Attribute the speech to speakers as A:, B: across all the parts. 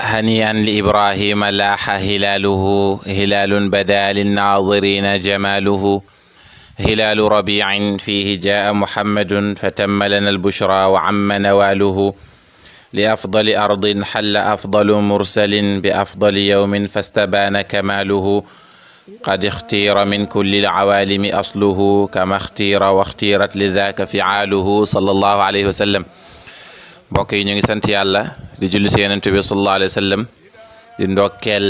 A: هنيئا لابراهيم لاح هلاله هلال بدا للناظرين جماله هلال ربيع فيه جاء محمد فتم لنا البشرى وعم نواله لافضل ارض حل افضل مرسل بافضل يوم فاستبان كماله قد اختير من كل العوالم اصله كما اختير واختيرت لذاك فعاله صلى الله عليه وسلم بوكي نيغي سانت di julli si yonent sallallahu alayhi wasallam sallam di ndokkeel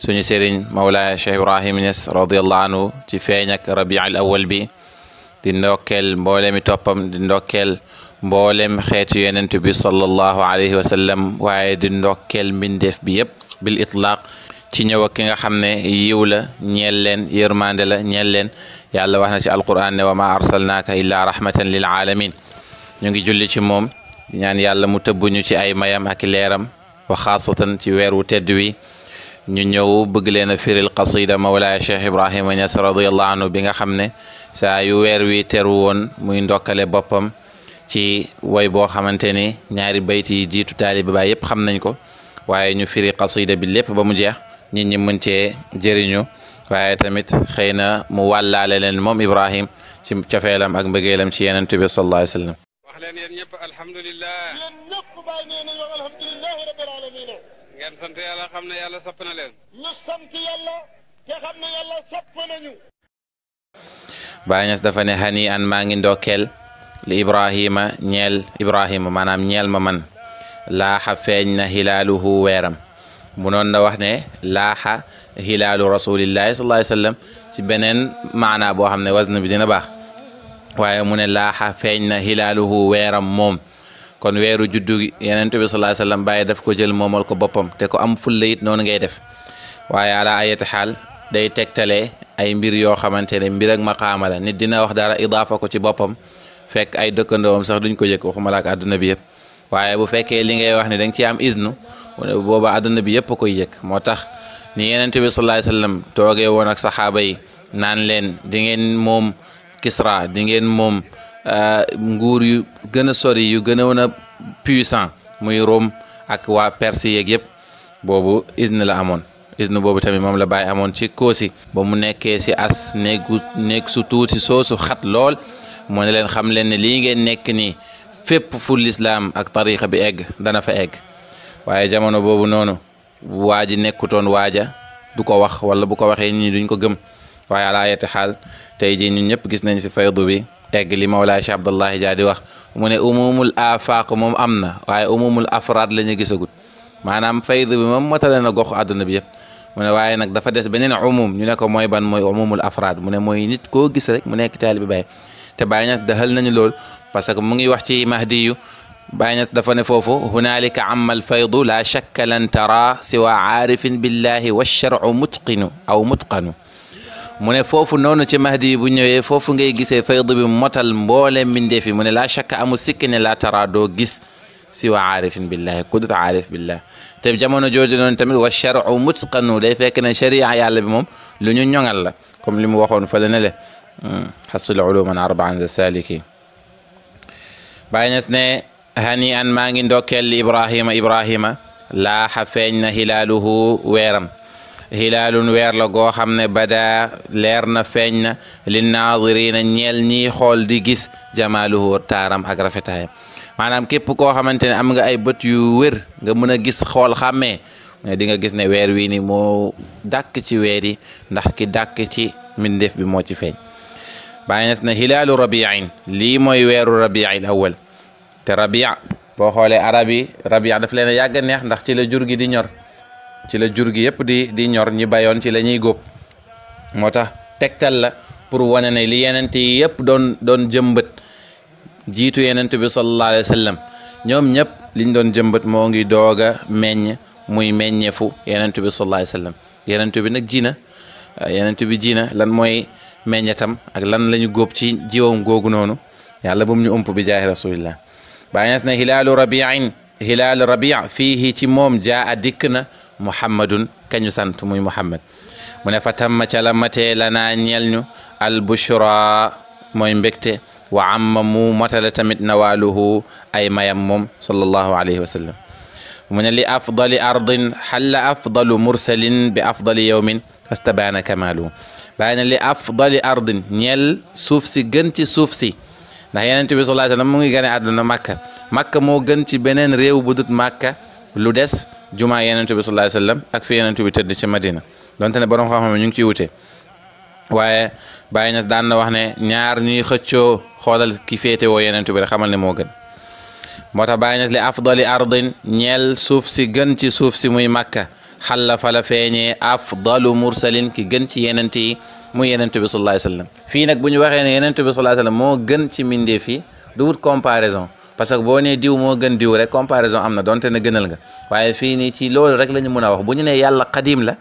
A: suñu sëriñ Mawlaaya Cheikh Ibrahim Niass radiyallahu anhu ci feeñ ak rabiul awal bi di ndokkeel mboolemi toppam di ndokkeel mboolem xeetu yonent bi sallallahu alayhi wasallam sallam waaye di ndokkeel mbindeef bi yëpp bil itlaaq ci ñëw ak ki nga xam ne yiw la ñeel leen yërmande la ñeel leen yàlla wax na ci alquran ne wa ma arsalnaaka illaa rahmatan lil alamin ñu ngi julli ci moom di ñaan yàlla mu tëbbuñu ci ay mayam ak leeram wa xaasatan ci weer wu tedd wi ñu ñëw bëgg leen a firil qasida mawlaaya cheikh ibrahima ñas radiallahu anhu bi nga xam ne saa yu weer wi teru woon muy ndokkale boppam ci way boo xamante ni ñaari bayt yi jiitu taaliba baay yépp xam nañ ko waaye ñu firi qasida bi lépp ba mu jeex nit ñi mën cee jëriñu waaye tamit xëy na mu wàllaale leen moom ibrahim ci cofeelam ak mbëggeelam ci yenentu bi sallallahu alayhi wa sallam leen dafa ne xani an maa ngi ndokkeel li Ibrahima ñeel Ibrahima maanaam ñeel ma man laaxa feeñ na xilaaluhu weeram munoon na wax ne laaxa xilaalu rasulillahi sallallahu alayhi ci beneen maanaa boo xam ne wasna bi dina baax. waaye mu ne laaxa feeñ na hilaaluhu weeram moom kon weeru juddu yenent bi sallallahu alayhi wasallam bàyyi daf ko jël moomal ko boppam te ko am fulla it noonu ngay def waaye ala ayati xaal day tegtalee ay mbir yoo xamante ne mbir ak maqaama la nit dina wax dara idaafa ko ci boppam fekk ay dëkkandoom sax duñ ko yëg waxuma la ak àdduna bi yëpp waaye bu fekkee li ngay wax ne da nga ci am iznu booba àdduna bi yëpp a koy yëg moo tax ni yenent bi sallallahu alayhi wasallam toogee woon ak saxaaba yi naan leen di ngeen moom Kisra di ngeen moom euh, nguur yu gën a sori yu gën a woon a puissant muy Rome ak waa Perse yeeg yëpp boobu izn la amoon izn boobu tamit moom la bàyyi amoon ci kosi ba mu nekkee si as néegu néeg su tuuti soosu xat lool moo ne leen xam leen ne lii ngeen nekk nii fépp fu lislaam ak tariqa bi egg dana fa egg waaye jamono boobu noonu waa ji nekkutoon waaja du ko wax wala bu ko waxee ñi duñ ko gëm waye ala ayati hal tay ji ñun ñep gis nañ fi faydu bi tegg li mawla Cheikh Abdallahi jadi wax mu ne umumul afaq mom amna waye umumul afrad lañu gisagut manam faydu bi mom matale na gox aduna bi yëpp mu ne waye nak dafa dess benen umum ñu ne ko moy ban moy umumul afrad mu ne moy nit ko gis rek mu nekk talib bay te bayna dehal dahal nañu lool parce que mu ngi wax ci mahdi yu Ñas dafa ne foofu hunaalika ammal faydu la shakka lan tara siwa aarifin billahi wa sharcu mutqinu aw mutqanu mu ne foofu noonu ci mahdi yi bu ñëwee foofu ngay gisee fayd bi motal mbooleem mbindeef yi mu ne laa shakka amul sikki ne laa taraa gis si aarifin billahi ku dut aarif billah te jamono jooju noonu tamit wa charu mutqanu day fekk ne sharia yàlla bi moom lu ñu ñoŋal la comme li mu waxoon fële ne le xasul hmm, uluman arbaan za saliki Baay Ñas ne hani an maa ngi li ibrahima ibrahima laaxa feeñ na hilaaluhu weeram hilaalun weer la goo xam ne badaa leer na feeñ na linnaazirina ñeel ñiy xool di gis jamaaluhu taaram ak rafetaayam maanaam képp koo xamante ne am nga ay bët yu wér nga mën a gis xool xàmmee ne di nga gis ne weer wii ni moo dàkk ci weer yi ndax ki dàkk ci mbindeef bi moo ci feeñ bàyyi nes na hilaalu rabiin lii mooy weeru rabiil awal te rabia boo xoolee arab yi rabia daf leen a yàgg neex ndax ci la jur gi di ñor ci la jur gi yëpp di di ñor ñi bayoon ci la ñuy góob moo tax tegtal la pour wane ne li yenent yi yëpp doon doon jëmbët jiitu yenent bi sallallahu alayhi wa ñoom ñëpp liñ doon jëmbët moo ngi doog a meññ muy meññeefu yenent bi sallallahu alayhi wa sallam yenent bi nag jiina ah, yenent bi jiina lan mooy meññetam ak lan la ñu góob ci jiwam googu noonu yàlla bu ñu ëmp bi jaahi rasulillah bàyyi na hilaalu rabiin hilaal rabia ci moom jaa a dikk na muhammadun kañu sant muy muhammad mu ne fa tamma cala matee lanaa ñel ñu albushra mooy mbégte wa amma mu matale tamit nawaaluhu ay mayam moom sallallahu alayhi wa sallam mu ne li afdali ardin na li afdali ardin suuf si gën ci suuf si ndax yonent bi sallallahu alayhi mu ngi gane àdduna makka makka moo gën ci beneen réew bu dut makka lu des jumaa yenentu bi sallallahu alayhi wasallam ak fi yenentu bi tëdd ci madina donte ne borom xam-xam ñu ngi ciy wute waaye Baye daan na wax ne ñaar ñuy xëccoo xoolal ki féete woo yenentu bi xamal ne moo gën moo tax li afdali ardin ñeel suuf si gën ci suuf si muy Makka xalla fa la feeñee mursalin ki gën ci yenent yi muy yenentu bi sallallahu alayhi wasallam fii nag bu ñu ne yenentu sallallahu alayhi wasallam moo gën ci mbindeef yi du wut comparaison parce que boo nee diw moo gën diw rek comparaison am na donte ne gënal nga waaye fii nii si loolu rek la ñu mën a wax bu ñu nee yàlla xadiim la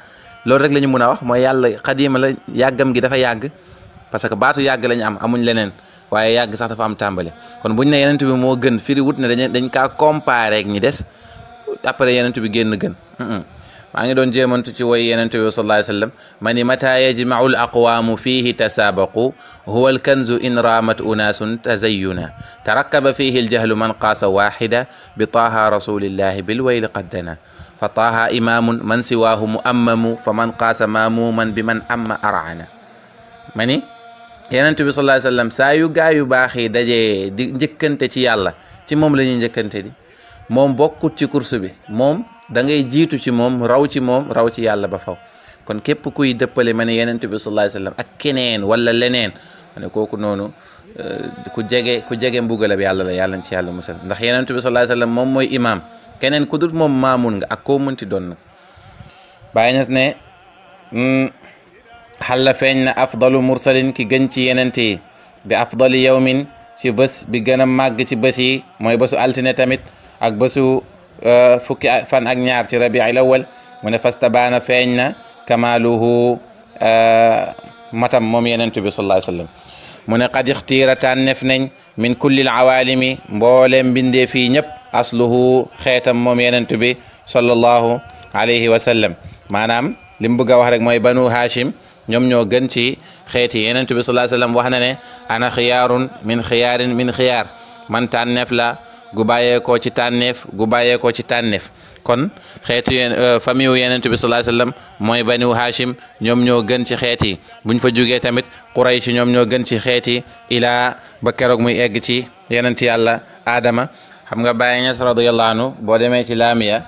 A: loolu rek la ñu mën a wax mooy yàlla xadiim la yàggam gi dafa yàgg parce que baatu yàgg la am amuñ leneen waaye yàgg sax dafa am tàmbali kon bu ñu ne yonent bi moo gën firi wut ne dañ dañ kaa comparé ak ñi des après yonent bi génn gën ماغي دون جيمونتو تي وي يننتو صلى الله عليه وسلم من متى يجمع الاقوام فيه تسابقوا هو الكنز ان رامت اناس تزينا تركب فيه الجهل من قاس واحدة بطاها رسول الله بالويل قدنا فطاها امام من سواه مؤمم فمن قاس ماموما بمن ام ارعنا ماني يننتو صلى الله عليه وسلم سايو غايو باخي دجي نجكنتي تي يالا تي موم لا نجكنتي دي موم بوكو تي كورسو بي da ngay jiitu ci moom raw ci moom raw ci yàlla ba faw kon képp kuy dëppale ma ne yenent bi sallallahu wasallam ak keneen wala leneen ma ne kooku noonu euh, ku jege ku jege mbugalab yàlla la yàlla ci yàlla musal ndax yenent bi sallallahu alayhi moom mooy imaam keneen ku dul moom maamun nga ak koo munti doon nag bàyyi nas hmm, feeñ na afdalu mursalin ki gën ci yenent yi bi afdali yawmin ci bés bi gën a màgg ci bés yi mooy bésu altine tamit ak bésu fukki fan ak ñaar ci rabiil awal mu ne fastabaana feeñ na kamaaluhu matam moom yenent bi sallallahu alayhi wa sallam mu ne qad ixtiira tànneef nañ min kulli alawaalimi mbooleem mbindee fii ñëpp asluhu xeetam moom yenent bi sallallahu alayhi wa sallam maanaam li mu bëgg a wax rek mooy banu hashim ñoom ñoo gën ci xeeti yenent bi sallallahu alayhi wa sallam wax na ne ana xiyaarun min xiyaarin min xiyaar man tànneef la gu ko ci tanef gu ko ci tanef kon xeetu yen famille wu yenentu sallallahu alayhi wasallam mooy baniwu hashim ñom ñoo gën ci xeti buñ fa jugee tamit quraysh ñom ñoo gën ci xeti ila bakkar ak muy egg ci ti yàlla adama xam nga Baye Niass radiyallahu anhu bo démé ci laamiya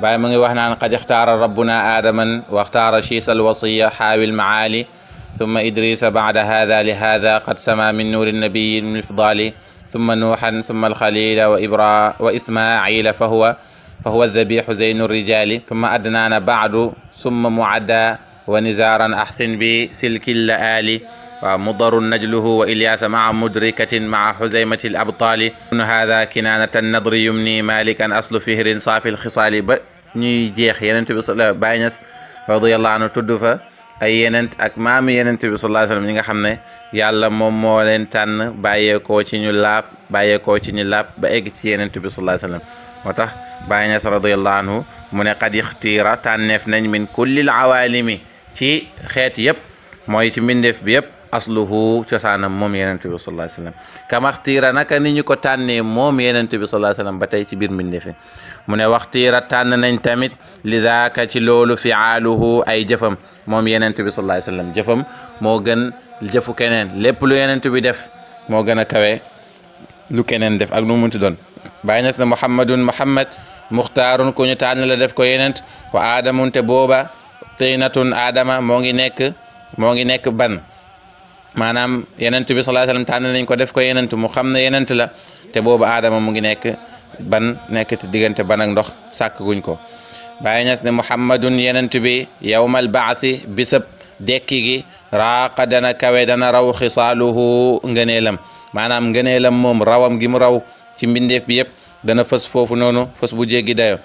A: Baye mu ngi wax naan qad ikhtara rabbuna adaman wa ixtaara shiisa alwasiya hawil maali thumma idrisa بعد hada لهذا قد سما sama min النبي من الفضالي ثم نوحا ثم الخليل وإبرا وإسماعيل فهو فهو الذبيح زين الرجال ثم أدنان بعد ثم معدا ونزارا أحسن بسلك اللآل ومضر نجله وإلياس مع مدركة مع حزيمة الأبطال هذا كنانة النضر يمني مالكا أصل فهر صافي الخصال بني جيخ jeex yenent bi sala Baay Ñas radiyallahu anhu tudd fa يننت yenent الله عليه وسلم yàlla mom mo len tan baye ko ci ñu lap baye ko ci ñu lap ba egg ci yenen tibbi sallallahu alayhi wasallam motax tax Baay Ñas radiyallahu anhu mu ne qad ixtiira tànneef nañ min kulli alawalim ci xet yeb moy ci mindef bi yeb asluhu cosaanam mom yenen tibbi sallallahu alayhi wasallam kam ikhtira nak ni ñu ko tanne mom yenen tibbi sallallahu alayhi wasallam batay ci bir mbindeefi mu ne waxtiira nañ tamit li daaka ci lolu fi'aluhu ay jëfam mom yenen tibbi sallallahu alayhi wasallam jëfam mo gën jëfu keneen lépp lu yenent bi def moo gën a kawe lu keneen def ak nu mu munti doon bàyyi nas na muhammadun muhammad muxtaarun ku ñu tànn la def ko yenent wa aadamun te booba teynatun aadama moo ngi nekk moo ngi nekk ban maanaam yenent bi sallallahu alayhi wasallam tànn nañ ko def ko yenent mu xam ne yenent la te booba aadama mu ngi nekk ban nekk ci diggante ban ak ndox sàkk guñ ko bàyyi nas ne muhammadun yenent bi yawmal baathi bisab dekki gi raaqa dana kawe dana raw xisaaluhu ngëneelam maanaam ngëneelam moom rawam gi mu raw ci mbindeef bi yëpp dana fës foofu noonu fës bu jéggi dayo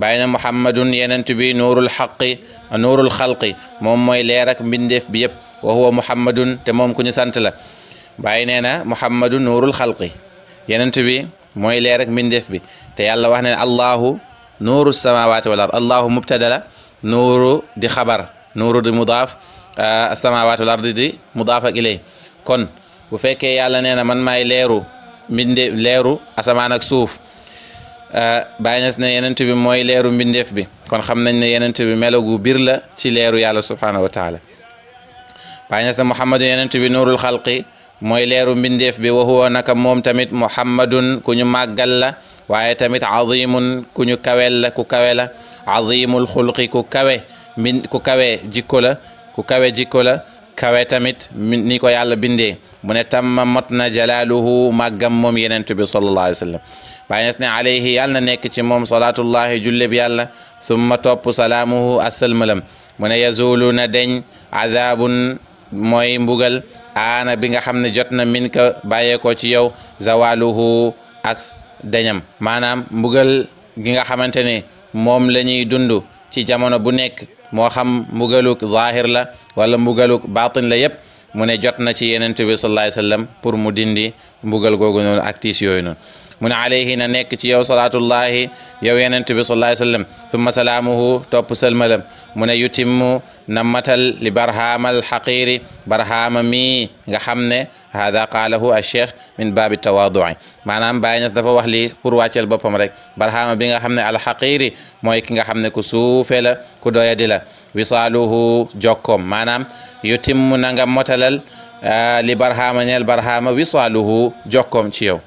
A: bàyyi na muhammadun yenent bi nuurul xaqi nuurul xalqi moom mooy leer ak mbindeef bi yëpp wa huwa muhammadun te moom ku ñu sant la bàyyi nee na muhammadu nuurul xalqi yenent bi mooy leer ak mbindeef bi te yàlla wax ne allahu nuuru samawaati wal ard allahu mubtada la nuuru di xabar nuuru di mudaaf assamawatu l ardi di mudafa ilay kon bu fekkee yàlla nee na man maay leeru mbinde leeru asamaan ak suuf bàyyi nas ne yenent bi mooy leeru mbindeef bi kon xam nañ ne yenent bi melogu bir la ci leeru yàlla subhaanahu wa taala bàyyi nas ne muhammadu yenent bi nuurul xalqi mooy leeru mbindeef bi wa huwa naka moom tamit muhammadun ku ñu màggal la waaye tamit azimun ku ñu kawel la ku kawe la azimul xulqi ku kawe min ku kawe jikko la ku kawe jikko la kawe tamit ni ko yàlla bindee mune ne tamma mot na jalaaluhu màggam moom yenentu bi sallallahu alayhi wa sallam Baay na nekk ci moom salaatullahi julle bi yàlla summa topp salaamuhu assalmalam mu ne yazulu na deñ azaabun mooy mbugal aana bi nga xam ne jot na min bàyyeekoo ci yow zawaluhu as dañam maanaam mbugal gi nga xamante ne moom la ci jamono bu nekk mo xam mbugaluk zahir la wala mbugaluk batin la yeb mu ne jot na ci yenent bi sallallahu alayhi wasallam pour mu dindi mbugal gogo non ak tiis yooyu noonu mu ne alayhi na nek ci yow salatu salaatullahi yow yenent bi sallallahu alayhi wasallam thumma salamuhu top salmalam mu ne yutimmu na matal li barhama alxaqiri barhama mii nga xam ne hada qaalahu alcheikh min baabi tawaadui maanaam Baay Ñas dafa wax lii pour wàccel boppam rek barhama bi nga xam ne alxaqiri mooy ki nga xam ne ku suufe la ku doyadi la wisaaluhu jokkoom maanaam yutimmu na nga motalal li barhama ñeel barhama wisaaluhu jokkoom ci yow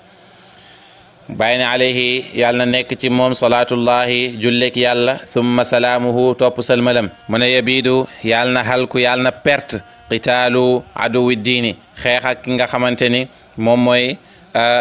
A: bàyyi ne alayhi yàlla na ci moom salaatullahi jullek yàlla thumma salaamuhu topp salmalam mu ne yabiidu yàlla na halku yàlla na perte qitaalu aduwi diini xeex ak ki nga xamante ni moom mooy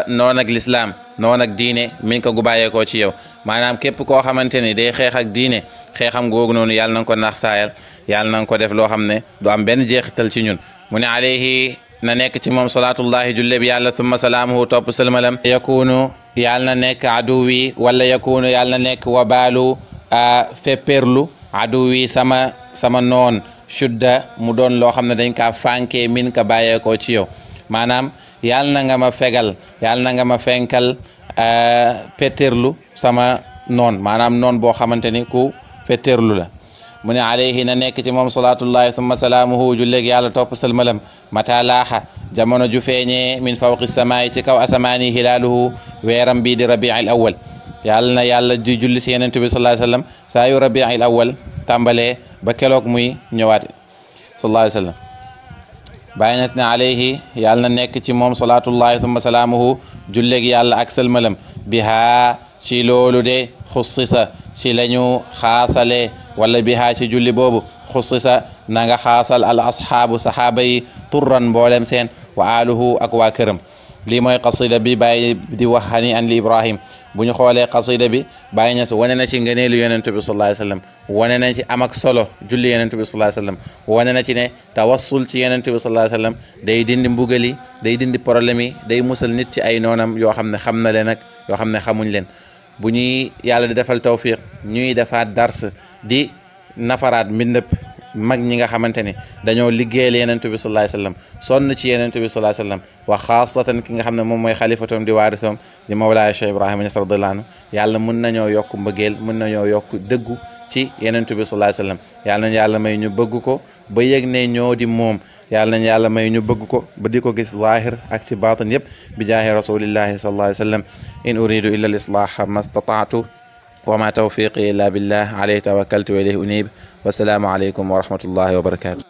A: noon ak lislaam noon ak diine min ko gubàyyeekoo ci yow maanaam képp koo xamante day xeex ak diine xeexam googu noonu yàlla ko nax saayal yàlla ko def loo xam du am benn jeexital ci ñun mu alayhi na nekk ci moom salaatullahi julleeb yàlla summa salaamuhu topp sëlmalam yakunu yàlla na nekk aduwi wala yakunu yàlla na nekk wabaalu fepperlu aduwi sama sama noon shudda mu doon loo xam ne dañ kaa fànkee min ka bàyyeekoo ci yow maanaam yàlla na nga ma fegal yàlla na nga ma fenkal petterlu sama noon maanaam noon boo xamante ni ku petterlu la mu ne alayhi na nekk ci moom salaatullahi summa salaamuhu julleeg yàlla topp salmalam mata laaxa jamono ju feeñee min fawqi samaay ci kaw asamaani hilaaluhu weeram bii di rabiil awal yàlla na yàlla di julli si yenentu bi sallallahu alayhi wasallam saa yu rabiil awal tàmbalee ba keloog muy ñëwaat sallallahu alayhi wasallam bàyyi nas ne alayhi yàlla na nekk ci moom salaatullahi summa salaamuhu julleeg yàlla ak salmalam bihaa ci loolu de xussisa ci lañu xaasale wala bihaa ci julli boobu xussisa na nga xaasal al asxaabu saxaaba yi turran mboolem seen wa aluhu ak waa këram lii mooy qasida bi bàyyi di wax hani an li ibrahim bu ñu xoolee qasida bi bàyyi ñas na ci ngëneelu yonentu bi sallallahu alayhi wasallam wane na am ak solo julli yonentu bi sallallahu alayhi wasallam wane na ci ne tawassul ci yonentu bi sallallahu alayhi wasallam day dindi mbugal yi day dindi problème yi day musal nit ci ay noonam yoo xam ne xam na leen ak yoo xam ne xamuñ bu ñuy yàlla di defal tawfiq ñuy defaat dars di nafaraat mbindëp mag ñi nga xamante ni dañoo liggéeyal yenent bi sallallahu alayhi wasallam sonn ci yenent bi sallallahu alayhi wasallam wa xaasatan ki nga xam ne moom mooy xalifatom di waarisom di mawlaaya Cheikh Ibrahima Niass radiyallahu anhu yàlla mun nañoo yokk mbëggeel mun nañoo yokk dëggu ci yenentu bi sallallahu alayhi wasallam yàlla nañ yàlla may ñu bëgg ko ba yegg ne ñoo di mom yàlla nañ yàlla may ñu bëgg ko ba di ko gis zaahir ak ci baatin yëpp bi jaahi rasulillahi sallallahu alayhi wa in uridu illa al islaha ma stataatu wa ma tawfiqi illa billah alayhi tawakkaltu wa ilayhi unib wasalaamu aleykum